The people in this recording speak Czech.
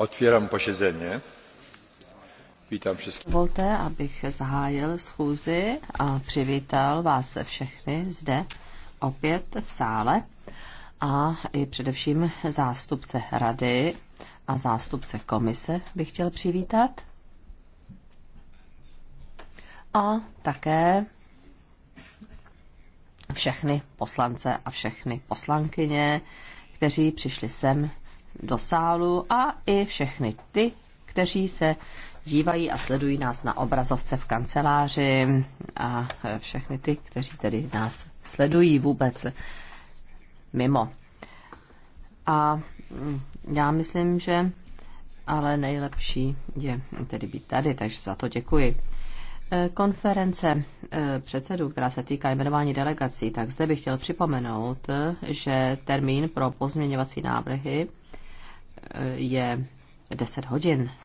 Otvírám Vítám všechny. Dovolte, abych zahájil schůzi a přivítal vás všechny zde opět v sále a i především zástupce rady a zástupce komise bych chtěl přivítat. A také všechny poslance a všechny poslankyně, kteří přišli sem do sálu a i všechny ty, kteří se dívají a sledují nás na obrazovce v kanceláři a všechny ty, kteří tedy nás sledují vůbec mimo. A já myslím, že ale nejlepší je tedy být tady, takže za to děkuji. Eh, konference eh, předsedů, která se týká jmenování delegací, tak zde bych chtěl připomenout, eh, že termín pro pozměňovací návrhy je 10 hodin.